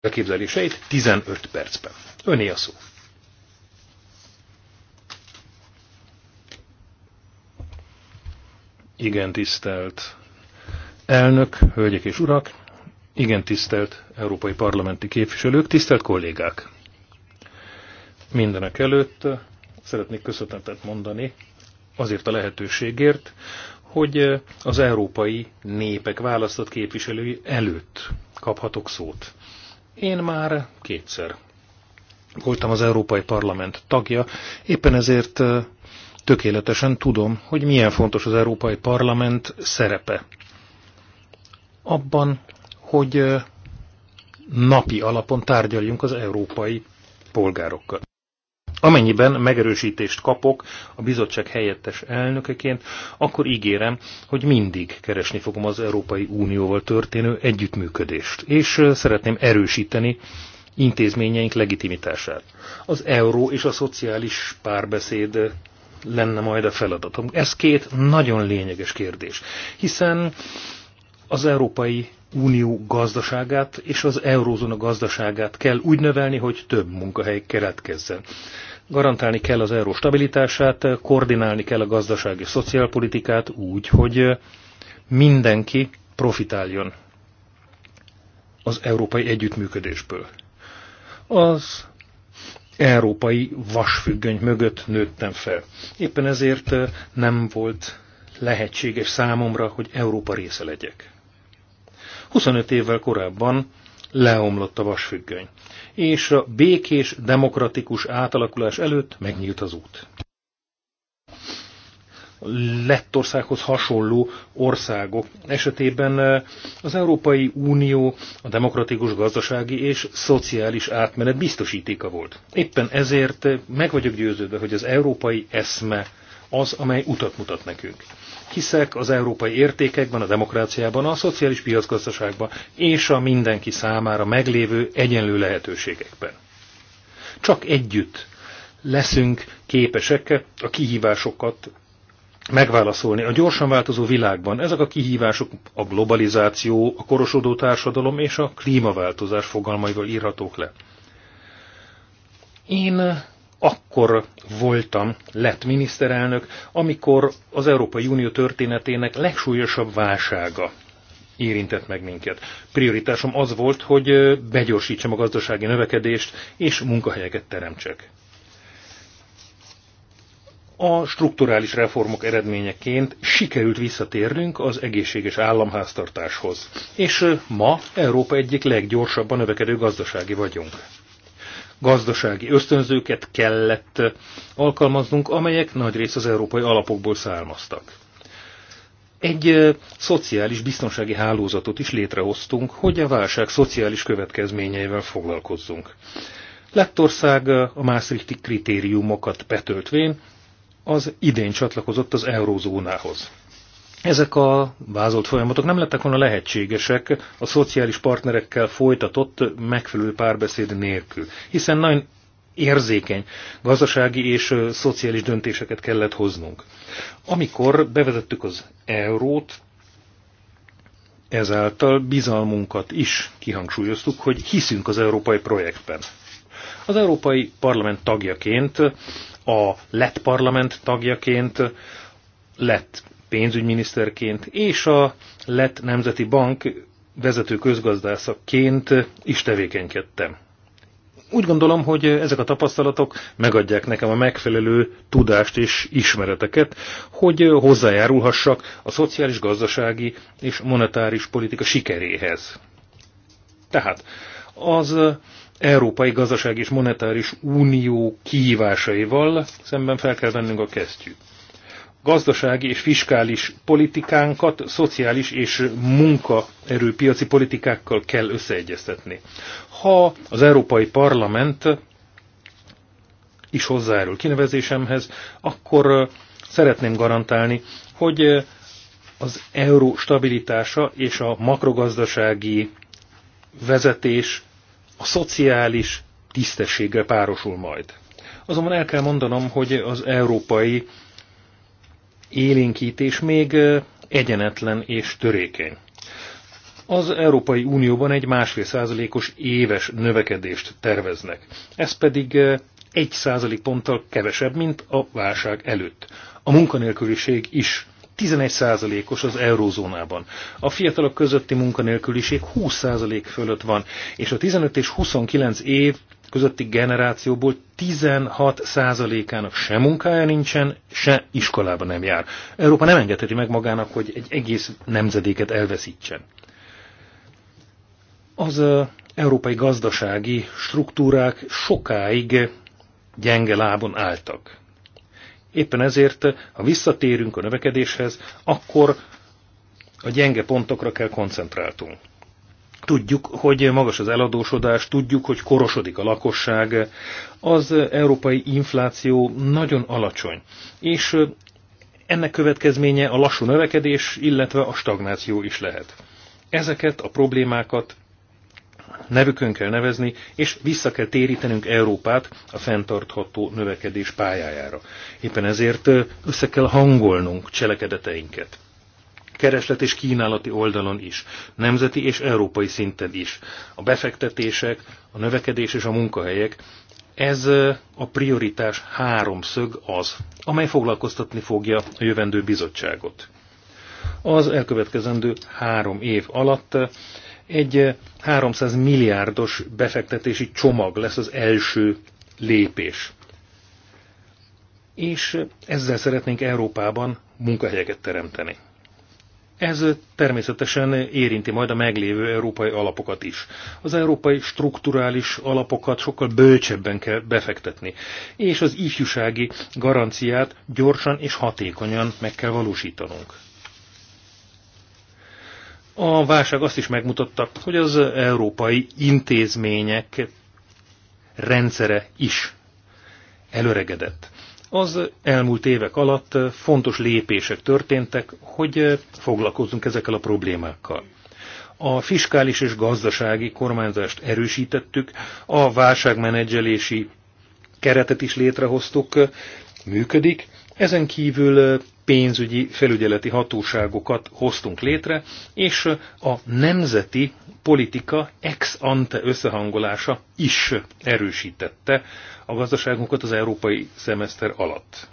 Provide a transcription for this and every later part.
elképzeléseit 15 percben. Öné a szó. Igen tisztelt elnök, hölgyek és urak, igen tisztelt európai parlamenti képviselők, tisztelt kollégák. Mindenek előtt szeretnék köszönetet mondani azért a lehetőségért, hogy az európai népek választott képviselői előtt kaphatok szót. Én már kétszer voltam az Európai Parlament tagja, éppen ezért tökéletesen tudom, hogy milyen fontos az Európai Parlament szerepe. Abban, hogy napi alapon tárgyaljunk az európai polgárokkal. Amennyiben megerősítést kapok a bizottság helyettes elnökeként, akkor ígérem, hogy mindig keresni fogom az Európai Unióval történő együttműködést, és szeretném erősíteni intézményeink legitimitását. Az euró és a szociális párbeszéd lenne majd a feladatom. Ez két nagyon lényeges kérdés, hiszen az Európai Unió gazdaságát és az eurózóna gazdaságát kell úgy növelni, hogy több munkahely keletkezzen. Garantálni kell az euró stabilitását, koordinálni kell a gazdasági szociálpolitikát úgy, hogy mindenki profitáljon az európai együttműködésből. Az európai vasfüggöny mögött nőttem fel. Éppen ezért nem volt lehetséges számomra, hogy Európa része legyek. 25 évvel korábban leomlott a vasfüggöny, és a békés, demokratikus átalakulás előtt megnyílt az út. Lettországhoz hasonló országok esetében az Európai Unió a demokratikus gazdasági és szociális átmenet biztosítéka volt. Éppen ezért meg vagyok győződve, hogy az európai eszme az, amely utat mutat nekünk. Hiszek az európai értékekben, a demokráciában, a szociális piacgazdaságban és a mindenki számára meglévő egyenlő lehetőségekben. Csak együtt leszünk képesek a kihívásokat megválaszolni. A gyorsan változó világban ezek a kihívások a globalizáció, a korosodó társadalom és a klímaváltozás fogalmaival írhatók le. Én akkor voltam lett miniszterelnök, amikor az Európai Unió történetének legsúlyosabb válsága érintett meg minket. Prioritásom az volt, hogy begyorsítsam a gazdasági növekedést és munkahelyeket teremtsek. A strukturális reformok eredményeként sikerült visszatérnünk az egészséges államháztartáshoz, és ma Európa egyik leggyorsabban növekedő gazdasági vagyunk gazdasági ösztönzőket kellett alkalmaznunk, amelyek nagyrészt az európai alapokból származtak. Egy szociális biztonsági hálózatot is létrehoztunk, hogy a válság szociális következményeivel foglalkozzunk. Lettország a Maastrichti kritériumokat betöltvén az idén csatlakozott az eurózónához. Ezek a vázolt folyamatok nem lettek volna lehetségesek a szociális partnerekkel folytatott megfelelő párbeszéd nélkül, hiszen nagyon érzékeny gazdasági és szociális döntéseket kellett hoznunk. Amikor bevezettük az eurót, ezáltal bizalmunkat is kihangsúlyoztuk, hogy hiszünk az európai projektben. Az Európai Parlament tagjaként, a lett parlament tagjaként lett pénzügyminiszterként és a Lett Nemzeti Bank vezető közgazdászaként is tevékenykedtem. Úgy gondolom, hogy ezek a tapasztalatok megadják nekem a megfelelő tudást és ismereteket, hogy hozzájárulhassak a szociális, gazdasági és monetáris politika sikeréhez. Tehát az Európai Gazdaság és Monetáris Unió kihívásaival szemben fel kell vennünk a kesztyűt gazdasági és fiskális politikánkat szociális és munkaerőpiaci politikákkal kell összeegyeztetni. Ha az Európai Parlament is hozzájárul kinevezésemhez, akkor szeretném garantálni, hogy az euró stabilitása és a makrogazdasági vezetés a szociális tisztességgel párosul majd. Azonban el kell mondanom, hogy az európai élénkítés még egyenetlen és törékeny. Az Európai Unióban egy másfél százalékos éves növekedést terveznek. Ez pedig egy százalék ponttal kevesebb, mint a válság előtt. A munkanélküliség is 11%-os az eurózónában. A fiatalok közötti munkanélküliség 20% fölött van, és a 15 és 29 év közötti generációból 16%-ának se munkája nincsen, se iskolába nem jár. Európa nem engedheti meg magának, hogy egy egész nemzedéket elveszítsen. Az európai gazdasági struktúrák sokáig gyenge lábon álltak. Éppen ezért, ha visszatérünk a növekedéshez, akkor a gyenge pontokra kell koncentráltunk. Tudjuk, hogy magas az eladósodás, tudjuk, hogy korosodik a lakosság, az európai infláció nagyon alacsony, és ennek következménye a lassú növekedés, illetve a stagnáció is lehet. Ezeket a problémákat nevükön kell nevezni, és vissza kell térítenünk Európát a fenntartható növekedés pályájára. Éppen ezért össze kell hangolnunk cselekedeteinket kereslet és kínálati oldalon is, nemzeti és európai szinten is. A befektetések, a növekedés és a munkahelyek, ez a prioritás háromszög az, amely foglalkoztatni fogja a jövendő bizottságot. Az elkövetkezendő három év alatt egy 300 milliárdos befektetési csomag lesz az első lépés. És ezzel szeretnénk Európában munkahelyeket teremteni. Ez természetesen érinti majd a meglévő európai alapokat is. Az európai strukturális alapokat sokkal bölcsebben kell befektetni, és az ifjúsági garanciát gyorsan és hatékonyan meg kell valósítanunk. A válság azt is megmutatta, hogy az európai intézmények rendszere is előregedett. Az elmúlt évek alatt fontos lépések történtek, hogy foglalkozzunk ezekkel a problémákkal. A fiskális és gazdasági kormányzást erősítettük, a válságmenedzselési keretet is létrehoztuk, működik, ezen kívül pénzügyi felügyeleti hatóságokat hoztunk létre, és a nemzeti politika ex ante összehangolása is erősítette a gazdaságunkat az európai szemeszter alatt.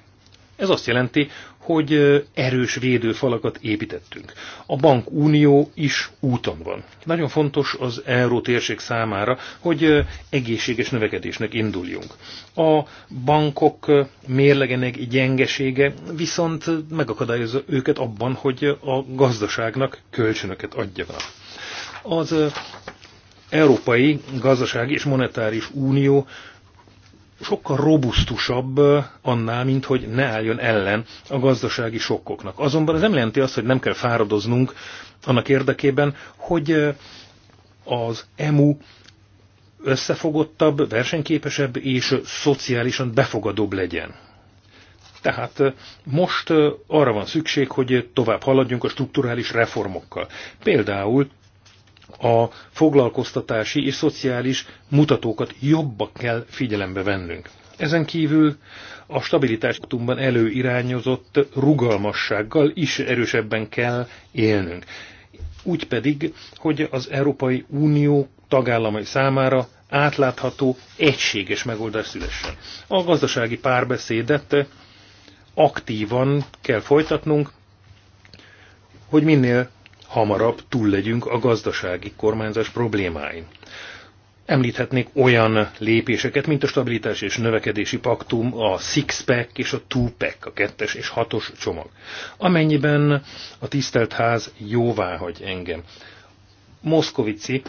Ez azt jelenti, hogy erős védőfalakat építettünk. A bankunió is úton van. Nagyon fontos az euró térség számára, hogy egészséges növekedésnek induljunk. A bankok mérlegenek gyengesége viszont megakadályozza őket abban, hogy a gazdaságnak kölcsönöket adjanak. Az Európai Gazdasági és Monetáris Unió sokkal robusztusabb annál, mint hogy ne álljon ellen a gazdasági sokkoknak. Azonban ez nem jelenti azt, hogy nem kell fáradoznunk annak érdekében, hogy az EMU összefogottabb, versenyképesebb és szociálisan befogadóbb legyen. Tehát most arra van szükség, hogy tovább haladjunk a strukturális reformokkal. Például a foglalkoztatási és szociális mutatókat jobban kell figyelembe vennünk. Ezen kívül a stabilitásoktumban előirányozott rugalmassággal is erősebben kell élnünk. Úgy pedig, hogy az Európai Unió tagállamai számára átlátható, egységes megoldás szülessen. A gazdasági párbeszédet aktívan kell folytatnunk, hogy minél hamarabb túl legyünk a gazdasági kormányzás problémáin. Említhetnék olyan lépéseket, mint a stabilitás és növekedési paktum, a six-pack és a two-pack, a kettes és hatos csomag. Amennyiben a tisztelt ház jóvá hagy engem. Moszkovici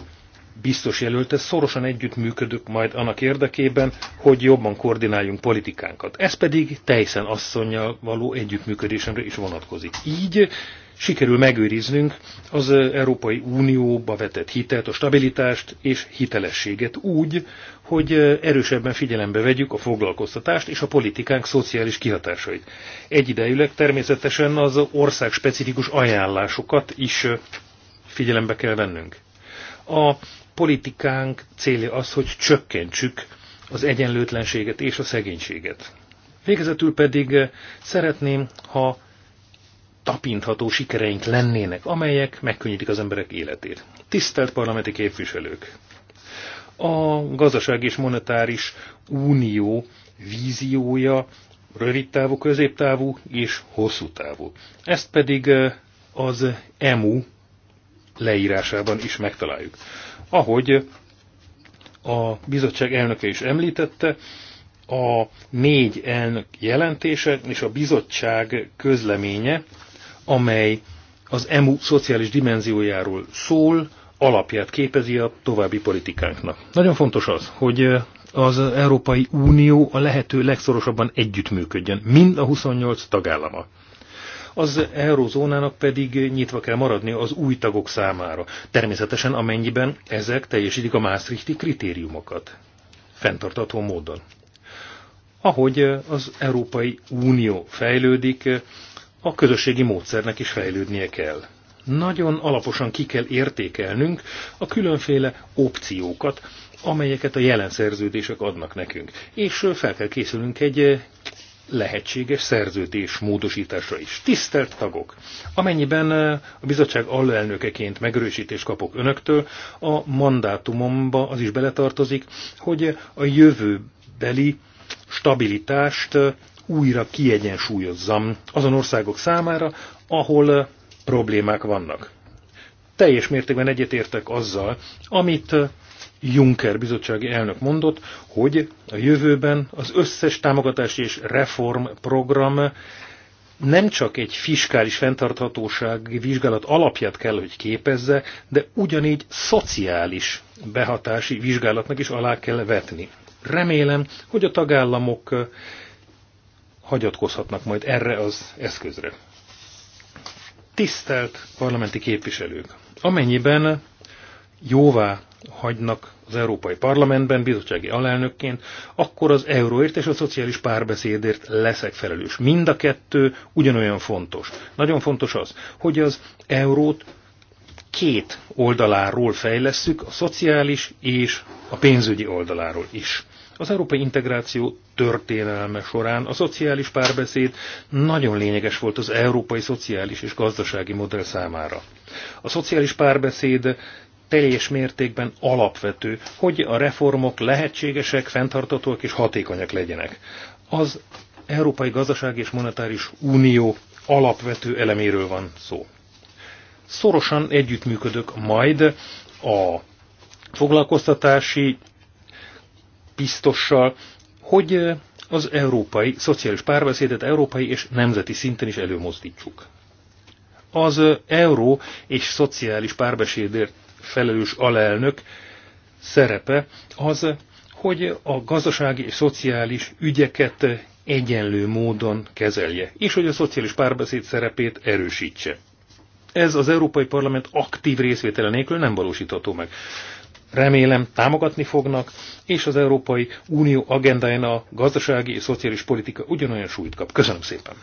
biztos jelölte, szorosan együttműködök majd annak érdekében, hogy jobban koordináljunk politikánkat. Ez pedig Tejszen asszonyjal való együttműködésemre is vonatkozik. Így sikerül megőriznünk az Európai Unióba vetett hitelt, a stabilitást és hitelességet úgy, hogy erősebben figyelembe vegyük a foglalkoztatást és a politikánk szociális kihatásait. Egyidejűleg természetesen az ország specifikus ajánlásokat is figyelembe kell vennünk. A politikánk célja az, hogy csökkentsük az egyenlőtlenséget és a szegénységet. Végezetül pedig szeretném, ha tapintható sikereink lennének, amelyek megkönnyítik az emberek életét. Tisztelt parlamenti képviselők! A gazdaság és monetáris unió víziója rövid távú, középtávú és hosszú távú. Ezt pedig az EMU leírásában is megtaláljuk. Ahogy a bizottság elnöke is említette, a négy elnök jelentése és a bizottság közleménye amely az EMU szociális dimenziójáról szól, alapját képezi a további politikánknak. Nagyon fontos az, hogy az Európai Unió a lehető legszorosabban együttműködjön, mind a 28 tagállama. Az eurozónának pedig nyitva kell maradni az új tagok számára, természetesen amennyiben ezek teljesítik a Maastrichti kritériumokat. Fenntartató módon. Ahogy az Európai Unió fejlődik, a közösségi módszernek is fejlődnie kell. Nagyon alaposan ki kell értékelnünk a különféle opciókat, amelyeket a jelen szerződések adnak nekünk, és fel kell készülnünk egy lehetséges szerződés módosításra is. Tisztelt tagok! Amennyiben a bizottság alelnökeként megerősítést kapok önöktől, a mandátumomba az is beletartozik, hogy a jövőbeli stabilitást újra kiegyensúlyozzam azon országok számára, ahol eh, problémák vannak. Teljes mértékben egyetértek azzal, amit eh, Juncker bizottsági elnök mondott, hogy a jövőben az összes támogatási és program nem csak egy fiskális fenntarthatósági vizsgálat alapját kell, hogy képezze, de ugyanígy szociális behatási vizsgálatnak is alá kell vetni. Remélem, hogy a tagállamok eh, hagyatkozhatnak majd erre az eszközre. Tisztelt parlamenti képviselők! Amennyiben jóvá hagynak az Európai Parlamentben bizottsági alelnökként, akkor az euróért és a szociális párbeszédért leszek felelős. Mind a kettő ugyanolyan fontos. Nagyon fontos az, hogy az eurót két oldaláról fejlesszük, a szociális és a pénzügyi oldaláról is. Az európai integráció történelme során a szociális párbeszéd nagyon lényeges volt az európai szociális és gazdasági modell számára. A szociális párbeszéd teljes mértékben alapvető, hogy a reformok lehetségesek, fenntartatóak és hatékonyak legyenek. Az Európai Gazdaság és Monetáris Unió alapvető eleméről van szó. Szorosan együttműködök majd a foglalkoztatási biztossal, hogy az európai szociális párbeszédet európai és nemzeti szinten is előmozdítsuk. Az euró és szociális párbeszédért felelős alelnök szerepe az, hogy a gazdasági és szociális ügyeket egyenlő módon kezelje, és hogy a szociális párbeszéd szerepét erősítse. Ez az Európai Parlament aktív részvétele nélkül nem valósítható meg remélem támogatni fognak, és az Európai Unió agendáján a gazdasági és szociális politika ugyanolyan súlyt kap. Köszönöm szépen!